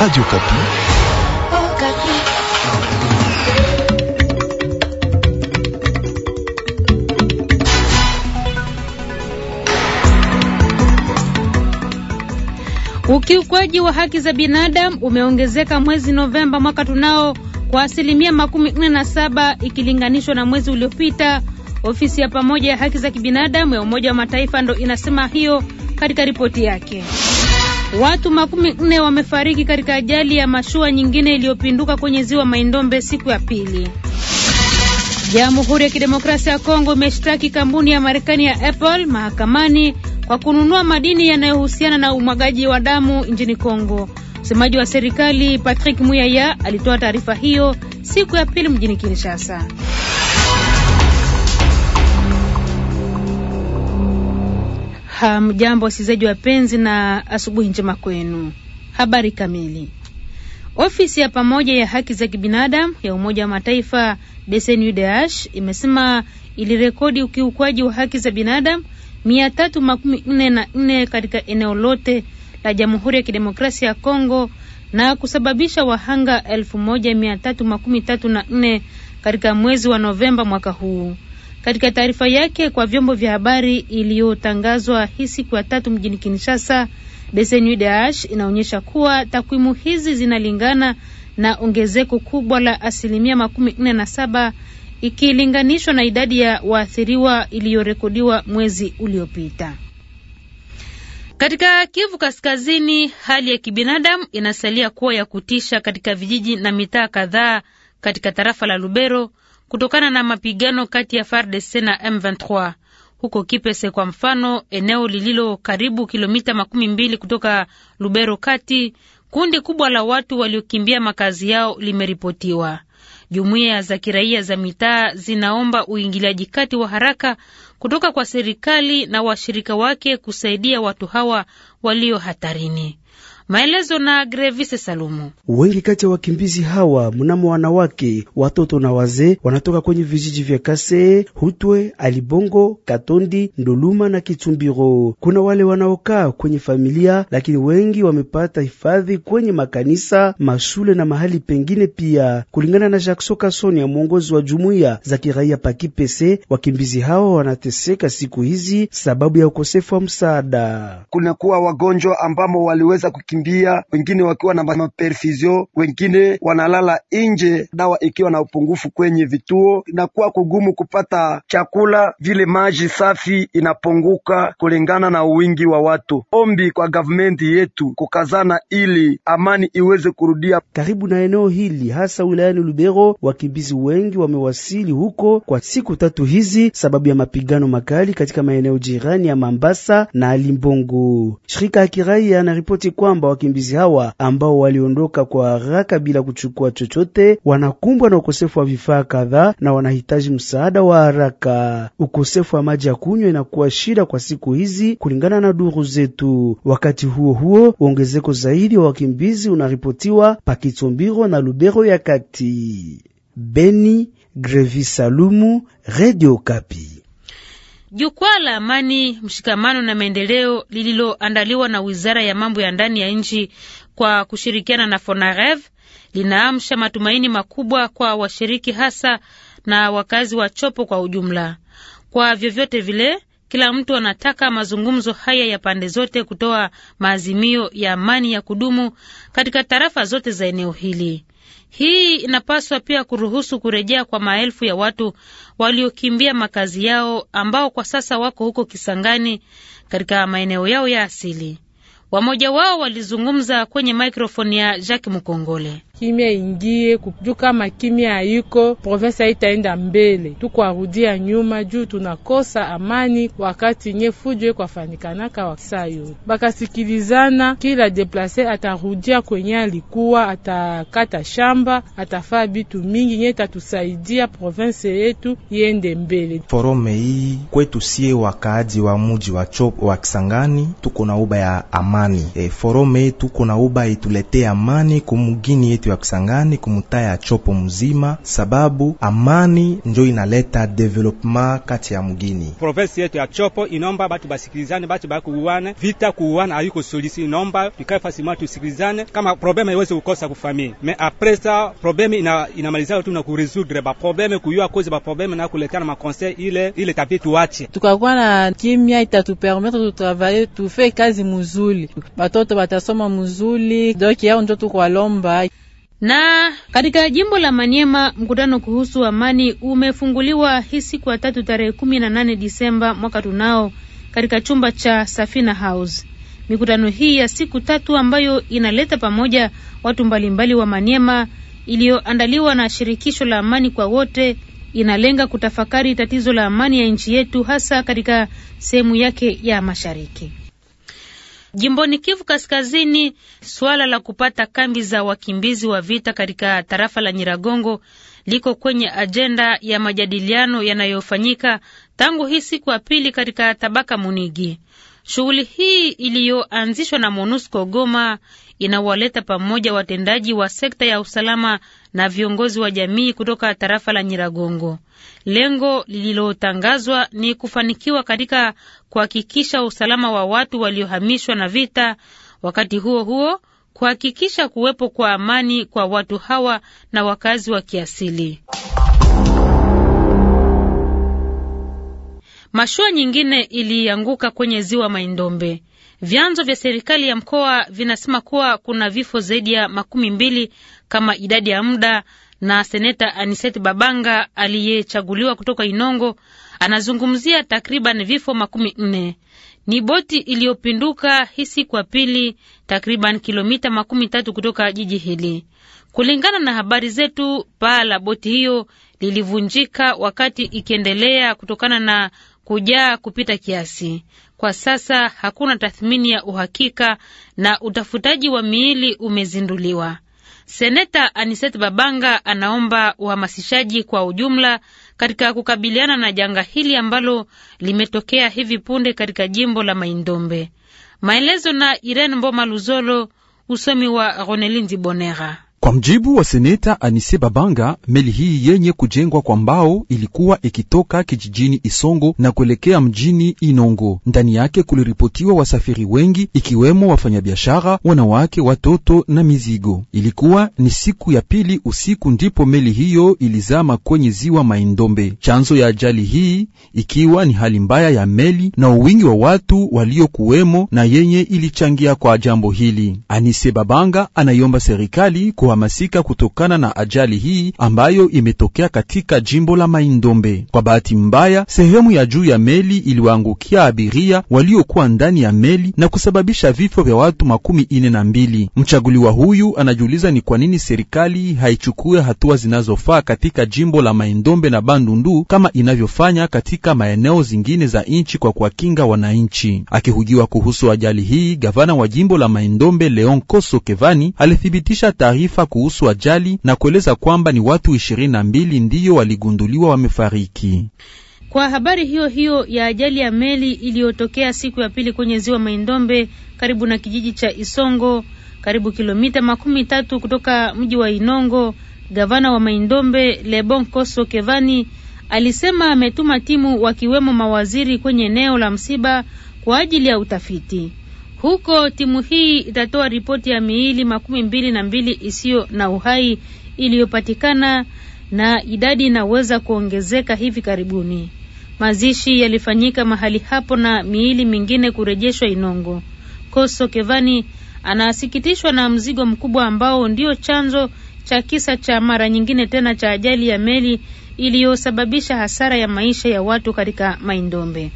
Radio Okapi. Ukiukwaji wa haki za binadamu umeongezeka mwezi Novemba mwaka tunao kwa asilimia makumi nne na saba ikilinganishwa na mwezi uliopita. Ofisi ya pamoja ya haki za kibinadamu ya Umoja wa Mataifa ndo inasema hiyo katika ripoti yake. Watu makumi nne wamefariki katika ajali ya mashua nyingine iliyopinduka kwenye ziwa Maindombe siku ya pili. Jamhuri ya Kidemokrasia ya Kongo imeshtaki kampuni ya Marekani ya Apple mahakamani kwa kununua madini yanayohusiana na umwagaji wa damu nchini Kongo. Msemaji wa serikali Patrick Muyaya alitoa taarifa hiyo siku ya pili mjini Kinshasa. Hamjambo um, wasikilizaji wapenzi, na asubuhi njema kwenu. Habari kamili. Ofisi ya pamoja ya haki za kibinadamu ya Umoja wa Mataifa DCNUDH imesema ilirekodi ukiukwaji wa haki za binadamu mia tatu makumi nne na nne katika eneo lote la Jamhuri ya Kidemokrasia ya Kongo na kusababisha wahanga elfu moja mia tatu makumi tatu na nne katika mwezi wa Novemba mwaka huu. Katika taarifa yake kwa vyombo vya habari iliyotangazwa hii siku ya tatu mjini Kinshasa, Besenudash inaonyesha kuwa takwimu hizi zinalingana na ongezeko kubwa la asilimia makumi nne na saba ikilinganishwa na idadi ya waathiriwa iliyorekodiwa mwezi uliopita. Katika Kivu Kaskazini, hali ya kibinadamu inasalia kuwa ya kutisha katika vijiji na mitaa kadhaa katika tarafa la Lubero kutokana na mapigano kati ya FARDC na M23 huko Kipese kwa mfano, eneo lililo karibu kilomita makumi mbili kutoka Lubero kati, kundi kubwa la watu waliokimbia makazi yao limeripotiwa. Jumuiya za kiraia za mitaa zinaomba uingiliaji kati wa haraka kutoka kwa serikali na washirika wake kusaidia watu hawa walio hatarini. Maelezo na Grevis Salumu. Wengi kati ya wakimbizi hawa mnamo wanawake, watoto na wazee wanatoka kwenye vijiji vya Kase, Hutwe, Alibongo, Katondi, nduluma na Kitumbiro. Kuna wale wanaokaa kwenye familia, lakini wengi wamepata hifadhi kwenye makanisa, mashule na mahali pengine pia. Kulingana na Jackson Kasonia, mwongozi wa jumuiya za kiraia Pakipese, wakimbizi hawa wanateseka siku hizi sababu ya ukosefu wa msaada. Kuna kuwa wagonjwa ambamo waliweza kukim wanakimbia, wengine wakiwa na maperfizio, wengine wanalala nje, dawa ikiwa na upungufu kwenye vituo, inakuwa kugumu kupata chakula, vile maji safi inapunguka kulingana na wingi wa watu. Ombi kwa gavumenti yetu kukazana ili amani iweze kurudia karibu na eneo hili, hasa wilayani Lubero. Wakimbizi wengi wamewasili huko kwa siku tatu hizi sababu ya mapigano makali katika maeneo jirani ya Mambasa na Limbongo. Shirika ya kiraia anaripoti kwamba kwamba wakimbizi hawa ambao waliondoka kwa haraka bila kuchukua chochote wanakumbwa na ukosefu wa vifaa kadhaa na wanahitaji msaada wa haraka. Ukosefu wa maji ya kunywa inakuwa shida kwa siku hizi kulingana na duru zetu. Wakati huo huo, ongezeko zaidi wa wakimbizi unaripotiwa pakitsombiro na Lubero ya kati. Beni, Grevi Salumu, Radio Kapi. Jukwaa la amani, mshikamano na maendeleo lililoandaliwa na wizara ya mambo ya ndani ya nchi kwa kushirikiana na Fonarev linaamsha matumaini makubwa kwa washiriki hasa na wakazi wa Chopo kwa ujumla. Kwa vyovyote vile, kila mtu anataka mazungumzo haya ya pande zote kutoa maazimio ya amani ya kudumu katika tarafa zote za eneo hili. Hii inapaswa pia kuruhusu kurejea kwa maelfu ya watu waliokimbia makazi yao ambao kwa sasa wako huko Kisangani katika maeneo yao ya asili. Wamoja wao walizungumza kwenye maikrofoni ya Jacques Mukongole kimya ingie juu. Kama kimya haiko, provensi haitaenda mbele, tukwarudia nyuma juu tunakosa amani, wakati nye fujo kwafanikanaka wasayo bakasikilizana, kila deplase atarudia kwenye alikuwa, atakata shamba, atafaa bitu mingi nye tatusaidia province yetu yende mbele. Forome hii kwetu sie wakaaji wa muji wa chop wa Kisangani, tuko na uba ya amani e, forome tuko na uba ituletee amani kumugini yetu ya Kisangani kumutaya chopo mzima, sababu amani njo inaleta development kati ya mugini. provensi yetu ya chopo inomba batu basikilizane, batu bakuuane, vita kuuana hayuko solisi, inomba tukae fasi tusikilizane, kama probleme iweze kukosa kufamii me apresa probleme ina, inamalizaka tu na kuresoudre ba probleme kuyua kozi ba probleme na kuletana makonse ile ile tabia tuache, tukakuwa na kimya itatupermettre tutravaille tufe kazi muzuli, batoto batasoma muzuli, donc yao njo tukwalomba na katika jimbo la Maniema mkutano kuhusu amani umefunguliwa hii siku ya tatu tarehe kumi na nane Disemba mwaka tunao katika chumba cha Safina House. Mikutano hii ya siku tatu ambayo inaleta pamoja watu mbalimbali wa Maniema iliyoandaliwa na shirikisho la amani kwa wote inalenga kutafakari tatizo la amani ya nchi yetu hasa katika sehemu yake ya mashariki. Jimboni Kivu Kaskazini, swala la kupata kambi za wakimbizi wa vita katika tarafa la Nyiragongo liko kwenye ajenda ya majadiliano yanayofanyika tangu hii siku ya pili katika tabaka Munigi. Shughuli hii iliyoanzishwa na MONUSCO Goma inawaleta pamoja watendaji wa sekta ya usalama na viongozi wa jamii kutoka tarafa la Nyiragongo. Lengo lililotangazwa ni kufanikiwa katika kuhakikisha usalama wa watu waliohamishwa na vita, wakati huo huo kuhakikisha kuwepo kwa amani kwa watu hawa na wakazi wa kiasili. Mashua nyingine ilianguka kwenye ziwa Maindombe. Vyanzo vya serikali ya mkoa vinasema kuwa kuna vifo zaidi ya makumi mbili kama idadi ya muda, na seneta Aniset Babanga aliyechaguliwa kutoka Inongo anazungumzia takriban vifo makumi nne. Ni boti iliyopinduka hii siku ya pili, takriban kilomita makumi tatu kutoka jiji hili. Kulingana na habari zetu, paa la boti hiyo lilivunjika wakati ikiendelea kutokana na kujaa kupita kiasi. Kwa sasa hakuna tathmini ya uhakika na utafutaji wa miili umezinduliwa. Seneta Aniset Babanga anaomba uhamasishaji kwa ujumla katika kukabiliana na janga hili ambalo limetokea hivi punde katika jimbo la Maindombe. Maelezo na Irene Mboma Luzolo, usomi wa Ronelindi Bonera. Kwa mjibu wa seneta Anise Babanga, meli hii yenye kujengwa kwa mbao ilikuwa ikitoka kijijini Isongo na kuelekea mjini Inongo. Ndani yake kuliripotiwa wasafiri wengi, ikiwemo wafanyabiashara, wanawake, watoto na mizigo. Ilikuwa ni siku ya pili usiku ndipo meli hiyo ilizama kwenye ziwa Maindombe. Chanzo ya ajali hii ikiwa ni hali mbaya ya meli na uwingi wa watu waliokuwemo na yenye ilichangia kwa jambo hili. Anise Babanga anaiomba serikali kwa kuhamasika kutokana na ajali hii ambayo imetokea katika jimbo la Maindombe. Kwa bahati mbaya, sehemu ya juu ya meli iliwaangukia abiria waliokuwa ndani ya meli na kusababisha vifo vya watu makumi ine na mbili. Mchaguliwa huyu anajiuliza ni kwa nini serikali haichukue hatua zinazofaa katika jimbo la Maindombe na Bandundu kama inavyofanya katika maeneo zingine za nchi kwa kuwakinga wananchi. Akihujiwa kuhusu ajali hii, gavana wa jimbo la Maindombe Leon Koso Kevani alithibitisha taarifa taarifa kuhusu ajali na kueleza kwamba ni watu ishirini na mbili ndiyo waligunduliwa wamefariki. Kwa habari hiyo hiyo ya ajali ya meli iliyotokea siku ya pili kwenye ziwa Maindombe karibu na kijiji cha Isongo, karibu kilomita makumi tatu kutoka mji wa Inongo, gavana wa Maindombe Lebon Koso Kevani alisema ametuma timu wakiwemo mawaziri kwenye eneo la msiba kwa ajili ya utafiti. Huko timu hii itatoa ripoti ya miili makumi mbili na mbili isiyo na uhai iliyopatikana na idadi inaweza kuongezeka hivi karibuni. Mazishi yalifanyika mahali hapo na miili mingine kurejeshwa Inongo. Koso Kevani anasikitishwa na mzigo mkubwa ambao ndio chanzo cha kisa cha mara nyingine tena cha ajali ya meli iliyosababisha hasara ya maisha ya watu katika Maindombe.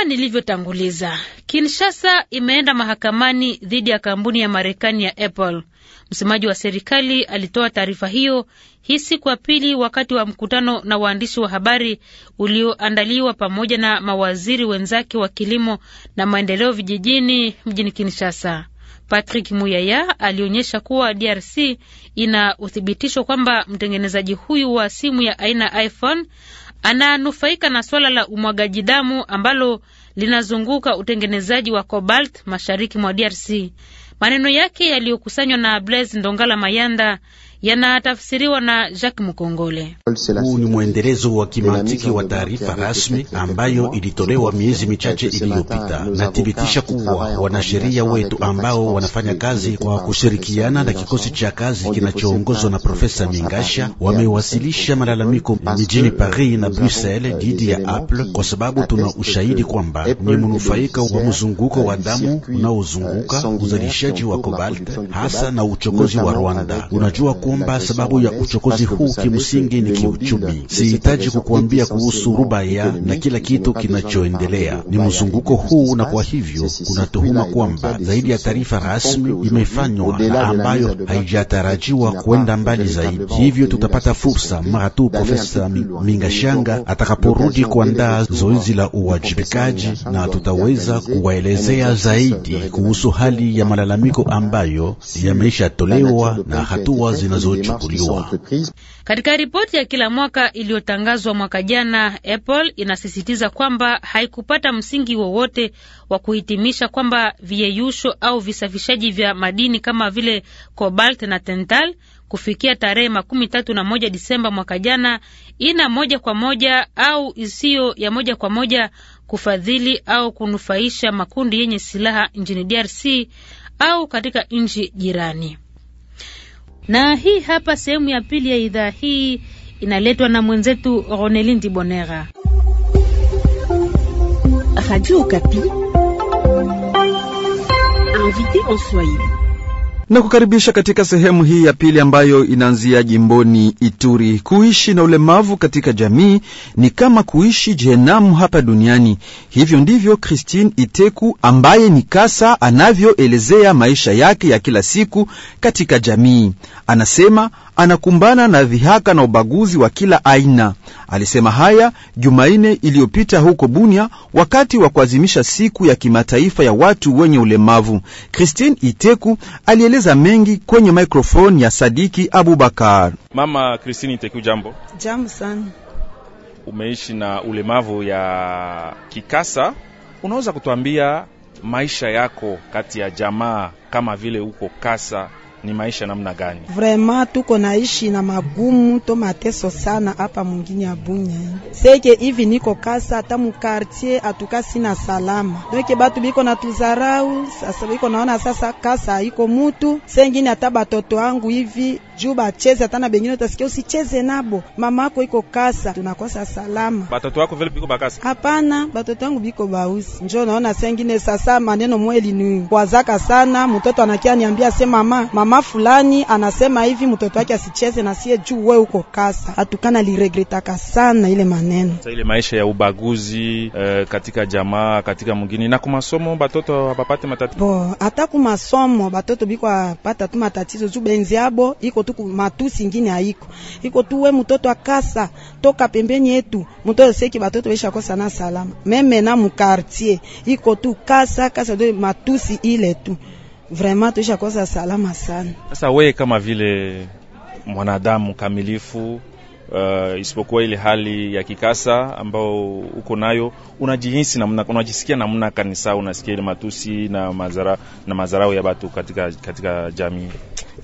Kama nilivyotanguliza, Kinshasa imeenda mahakamani dhidi ya kampuni ya Marekani ya Apple. Msemaji wa serikali alitoa taarifa hiyo hii siku ya pili wakati wa mkutano na waandishi wa habari ulioandaliwa pamoja na mawaziri wenzake wa kilimo na maendeleo vijijini mjini Kinshasa. Patrick Muyaya alionyesha kuwa DRC ina uthibitisho kwamba mtengenezaji huyu wa simu ya aina iPhone ananufaika na swala la umwagaji damu ambalo linazunguka utengenezaji wa cobalt mashariki mwa DRC. Maneno yake yaliyokusanywa na Blaise Ndongala Mayanda yanatafsiriwa na Jacques Mkongole. Huu ni mwendelezo wa kimantiki wa taarifa rasmi ambayo ilitolewa miezi michache iliyopita. Nathibitisha kuwa wanasheria wetu ambao wanafanya kazi kwa kushirikiana na kikosi cha kazi kinachoongozwa na Profesa Mingasha wamewasilisha malalamiko mijini Paris na Bruxelles dhidi ya Apple kwa sababu tuna ushahidi kwamba ni mnufaika wa mzunguko wa damu euh, unaozunguka uzalishaji wa cobalt hasa na uchokozi wa Rwanda. Euh, Unajua kuwa euh, kuomba sababu ya uchokozi huu kimsingi ni kiuchumi. Sihitaji kukuambia kuhusu Rubaya na kila kitu kinachoendelea, ni mzunguko huu, na kwa hivyo kuna tuhuma kwamba zaidi ya taarifa rasmi imefanywa na ambayo haijatarajiwa kwenda mbali zaidi. Hivyo tutapata fursa mara tu Profesa Mingashanga atakaporudi kuandaa zoezi la uwajibikaji, na tutaweza kuwaelezea zaidi kuhusu hali ya malalamiko ambayo yameshatolewa na hatua zina zinazochukuliwa. Katika ripoti ya kila mwaka iliyotangazwa mwaka jana, Apple inasisitiza kwamba haikupata msingi wowote wa kuhitimisha kwamba viyeyusho au visafishaji vya madini kama vile cobalt na tantal kufikia tarehe makumi tatu na moja Disemba mwaka jana ina moja kwa moja au isiyo ya moja kwa moja kufadhili au kunufaisha makundi yenye silaha nchini DRC au katika nchi jirani. Na hii hapa sehemu ya pili ya idhaa hii inaletwa na mwenzetu Ronelindi Bonera. Radio Okapi. Invité en Swahili na kukaribisha katika sehemu hii ya pili ambayo inaanzia jimboni Ituri. Kuishi na ulemavu katika jamii ni kama kuishi jehanamu hapa duniani. Hivyo ndivyo Christine Iteku ambaye ni kasa anavyoelezea maisha yake ya kila siku katika jamii. Anasema anakumbana na dhihaka na ubaguzi wa kila aina. Alisema haya Jumanne iliyopita huko Bunia wakati wa kuadhimisha siku ya kimataifa ya watu wenye ulemavu. Christine Iteku alieleza anaeleza mengi kwenye mikrofoni ya Sadiki Abubakar. Mama Kristini Teku, jambo. Jambo sana. Umeishi na ulemavu ya kikasa, unaweza kutuambia maisha yako kati ya jamaa kama vile uko kasa ni maisha namna gani? Vraiment tuko naishi na magumu to mateso sana hapa mungini ya Bunya seke hivi, niko kasa hata mukartier atuka sina salama, donke batu biko na tuzarau sasa, biko naona sasa kasa iko mutu sengine hata batoto wangu hivi juu bacheze hatana bengine, utasikia usicheze nabo, mama yako iko kasa, tunakosa salama. Batoto wako vile biko bakasa? Hapana, batoto yangu biko bausi. Njoo naona sengine sasa maneno mweli ni kwazaka sana, mtoto anakia niambia sema mama, mama fulani anasema hivi mtoto wake asicheze na sie juu wewe uko kasa. Hatukana liregretaka sana ile maneno. Sasa ile maisha ya ubaguzi uh, katika jamaa, katika mgini na kumasomo batoto hapapate matatizo. Bo, hata kumasomo batoto biko apata tu matatizo juu benzi yabo iko tu matusi ingine haiko iko tu we mtoto akasa toka pembeni yetu mtoto seki batoto besha kosa na salama meme na mukartier iko tu kasa kasa do matusi ile tu vraiment tuisha kosa salama sana. Sasa wewe kama vile mwanadamu kamilifu uh, isipokuwa ile hali ya kikasa ambao uko nayo, unajihisi namna, unajisikia namna kanisa, unasikia ile matusi na mazara na mazarao ya watu katika, katika jamii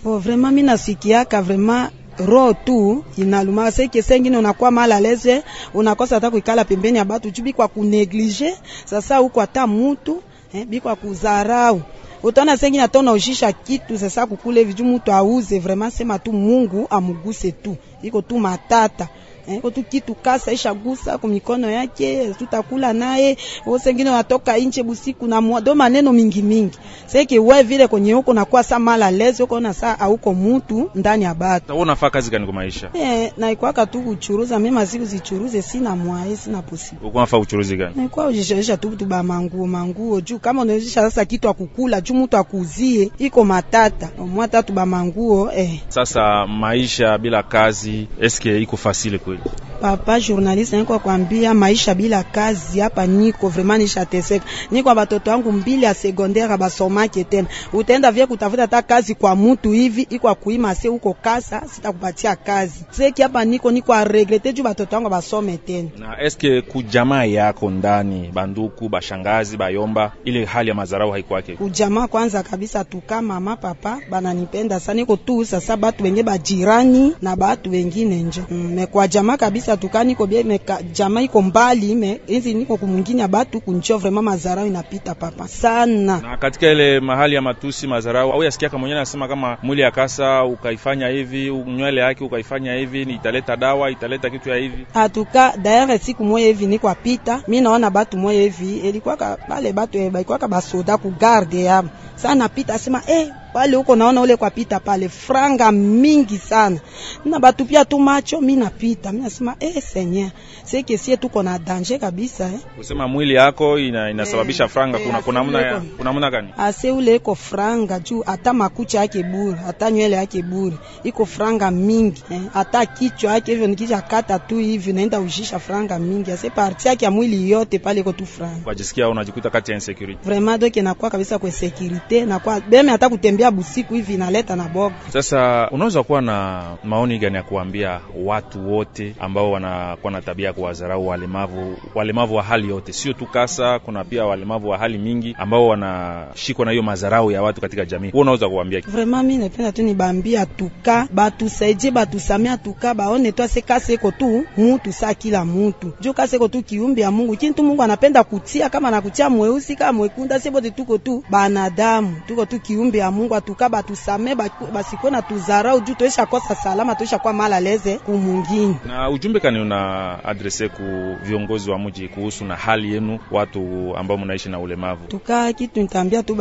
oh, vraiment mimi nasikiaka vraiment ro tu inaluma seke sengine, unakuwa mala leze, unakosa hata kuikala pembeni ya batu juu bikwa kuneglige. Sasa huko hata mutu eh, bikwa kuzarau utaona sengi na tona ushisha kitu sasa kukule viju mtu auze, vraiment sema tu Mungu amuguse tu, iko tu matata eh, tukitukasa ishagusa eh, kumikono yake, eh, tutakula naye wosengine natoka inche busiku na mwa mwado maneno mingi mingi. Seki wewe vile kwenye huko na kwa sa mala lezo huko na sa auko mutu ndani ya bata. Wewe unafaa kazi gani kwa maisha? Eh, na ikuwa katu kuchuruza mimi maziku zichuruze, sina mwae eh, sina possible. Uko unafaa uchuruzi gani? na ikuwa ujishaisha tu tu ba manguo manguo juu kama unaisha sasa kitu akukula juu mtu akuzie iko matata. mwa tatu ba manguo eh. Sasa maisha bila kazi eske iko fasile kwa good. papa journaliste niko kwambia maisha bila kazi hapa niko vraiment nishateseka. Niko batoto wangu mbili a secondaire basomake tena. Utaenda vya kutafuta hata kazi kwa mtu hivi iko kuima se huko kasa sitakupatia kazi. Seki hapa niko niko a regrete juu batoto wangu basome tena. Na eske kujamaa yako ndani banduku bashangazi bayomba ile hali ya madharau haikwake. Kujamaa kwanza kabisa tuka mama papa bananipenda sana niko tu sasa batu wengine bajirani na batu wengine nje. Mm, kwa jamaa kabisa kutoka dukani iko bie me jamaa iko mbali ime hizi niko kumwingine ya batu kunjia vraiment mazarau inapita papa sana. Na katika ile mahali ya matusi mazarau au yasikia kama mwenyewe anasema kama mwili ya kasa ukaifanya hivi, nywele yake ukaifanya hivi, ni italeta dawa, italeta kitu ya hivi. Atuka daire siku moja hivi niko apita, mimi naona batu moja hivi ilikuwa kale batu eh, baikoka basoda ku garde ya sana pita asema eh pale huko naona ule kwa pita pale franga mingi sana, na pia tu macho. Mimi napita mimi nasema eh, senya seke sie tuko na danger kabisa eh, usema mwili yako ina, inasababisha eh, franga eh, kuna kuna muna kuna muna gani ah, ase ule iko franga juu, hata makucha yake bure, hata nywele yake bure, iko franga mingi eh, hata kichwa yake hivyo, nikija kata tu hivi naenda ushisha franga mingi, ase parti yake ya mwili yote pale iko tu franga. Unajisikia unajikuta kati ya insecurity vraiment, donc inakuwa kabisa kwa security na kwa bema hata kutembea kukimbia busiku hivi inaleta na boga. Sasa unaweza kuwa na maoni gani ya kuambia watu wote ambao wanakuwa na tabia ya kuwadharau walemavu, walemavu wa hali yote, sio tu kasa, kuna pia walemavu wa hali mingi ambao wanashikwa na hiyo madharau ya watu katika jamii. Wewe unaweza kuambia kitu? Vraiment mimi napenda tu nibambia tuka batusaidie, batusamia tuka baone twase kase iko tu mutu saa kila mutu juu kase iko tu kiumbi ya Mungu kintu Mungu anapenda kutia kama anakutia mweusi kama mwekunda, sebote tuko tu banadamu, tuko tu kiumbi ya Mungu batuka batusame basikwe na tuzarau juu tuisha kosa salama, toisha kwa mala leze kumungini. Na ujumbe kani una adrese ku viongozi wa muji kuhusu na hali yenu watu ambao munaishi na ulemavu? Tukaa kitu nitambia tu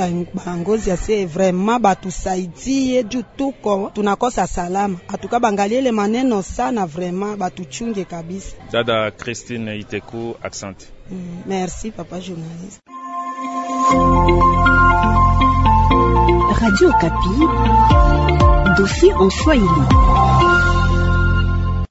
bangozi asie vraiment batusaidie juu tuko tunakosa salama, atuka bangaliele maneno sana, vraiment batuchunge kabisa. Dada Christine Iteku, accent. Mm, merci papa journaliste. Radio Kapi, dossier en Swahili.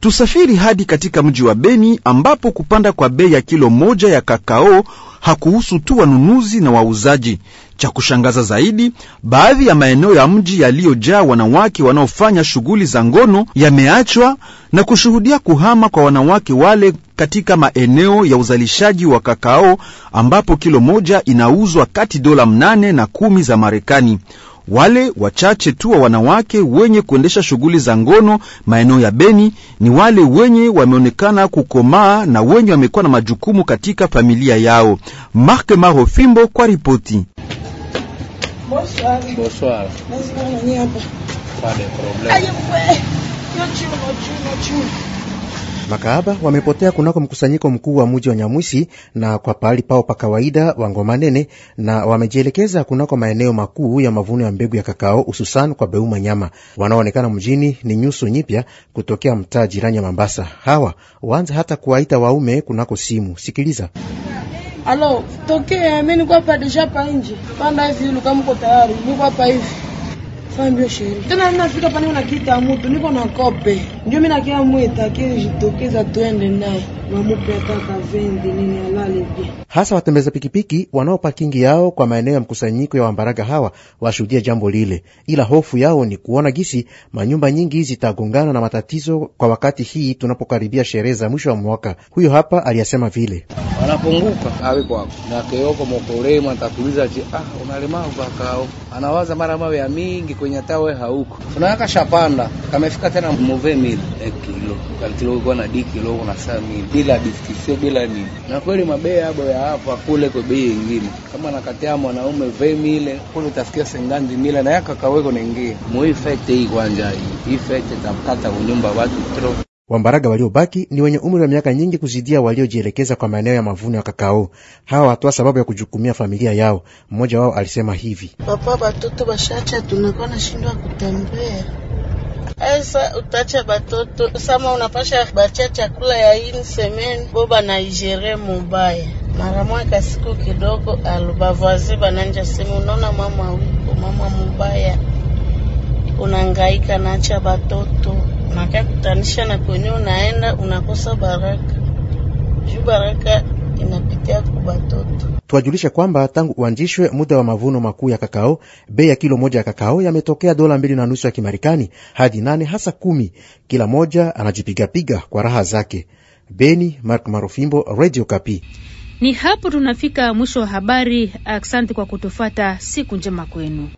Tusafiri hadi katika mji wa Beni ambapo kupanda kwa bei ya kilo moja ya kakao hakuhusu tu wanunuzi na wauzaji. Cha kushangaza zaidi, baadhi ya maeneo ya mji yaliyojaa wanawake wanaofanya shughuli za ngono yameachwa na kushuhudia kuhama kwa wanawake wale katika maeneo ya uzalishaji wa kakao ambapo kilo moja inauzwa kati dola mnane na kumi za Marekani. Wale wachache tu wa wanawake wenye kuendesha shughuli za ngono maeneo ya Beni ni wale wenye wameonekana kukomaa na wenye wamekuwa na majukumu katika familia yao. Mark Maro Fimbo kwa ripoti. Bonsoir. Bonsoir. Bonsoir. Makahaba wamepotea kunako mkusanyiko mkuu wa muji wa Nyamwisi na kwa pahali pao pa kawaida Wangomanene, na wamejielekeza kunako maeneo makuu ya mavuno ya mbegu ya kakao, hususan kwa Beuma Nyama. Wanaoonekana mjini ni nyuso nyipya kutokea mtaa jirani ya Mambasa. Hawa waanza hata kuwaita waume kunako simu. Sikiliza. Alo, tokea mimi niko hapa deja pa nje. Panda hivi tayari. Niko hapa hivi. Fambio sheri. Tena ninafika pale unakiita mtu, niko na kope. Ndio mimi nakia mwita akili jitokeza tuende naye. Wamupe atakavendi nini alale pia hasa watembeza pikipiki wanao pakingi yao kwa maeneo ya mkusanyiko ya wambaraga hawa washuhudia jambo lile, ila hofu yao ni kuona gisi manyumba nyingi zitagongana na matatizo kwa wakati hii tunapokaribia sherehe za mwisho wa mwaka. Huyo hapa aliyasema vile wanapunguka awe kwako na keoko mokolema atakuuliza je, ah, unalemaa bakao, anawaza mara mawe ya mingi kwenye tawe hauko unaweka shapanda kamefika tena move mili e eh, kilo kalkilo na di kilo na saa mili bila diskusio bila nini, na kweli mabea abo ya hapa kule kwa bei nyingine. kama nakatia mwanaume vemi ile kule tafikia sengandi mila na yaka kaweko nyingine. Mui fete hii kwanja hii fete tapata kunyumba watu tro Wambaraga waliobaki ni wenye umri wa miaka nyingi kuzidia waliojielekeza kwa maeneo ya mavuno ya kakao. Hawa watoa sababu ya kujukumia familia yao. Mmoja wao alisema hivi: papa, batoto bashacha, tunakuwa nashindwa kutembea esa utacha batoto sama unapasha bacha chakula ya ini semeni bo banaigere mubaya mara mwaka siku kidogo alubavazi bananja simu, unaona mama wiko mama mubaya unangaika nacha batoto nakakutanisha kutanisha na kwenye unaenda unakosa baraka juu baraka inapitia kubatoto. Tuwajulishe kwamba tangu uanzishwe muda wa mavuno makuu ya kakao, bei ya kilo moja ya kakao yametokea dola mbili na nusu ya Kimarekani hadi nane hasa kumi. Kila moja anajipigapiga kwa raha zake. Beni, Mark Marofimbo, Radio Kapi. Ni hapo tunafika mwisho wa habari. Asante kwa kutufata. Siku njema kwenu.